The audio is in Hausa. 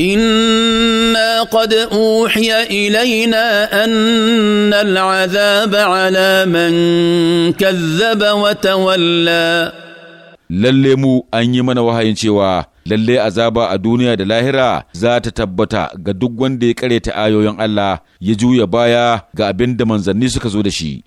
انا قد اوحي الينا ان العذاب على من كذب وتولى lalle mu an yi mana wahayin cewa lallai azaba a duniya da lahira za ta tabbata ga duk wanda ya kareta ayoyin Allah ya juya baya ga abinda da manzanni suka zo da shi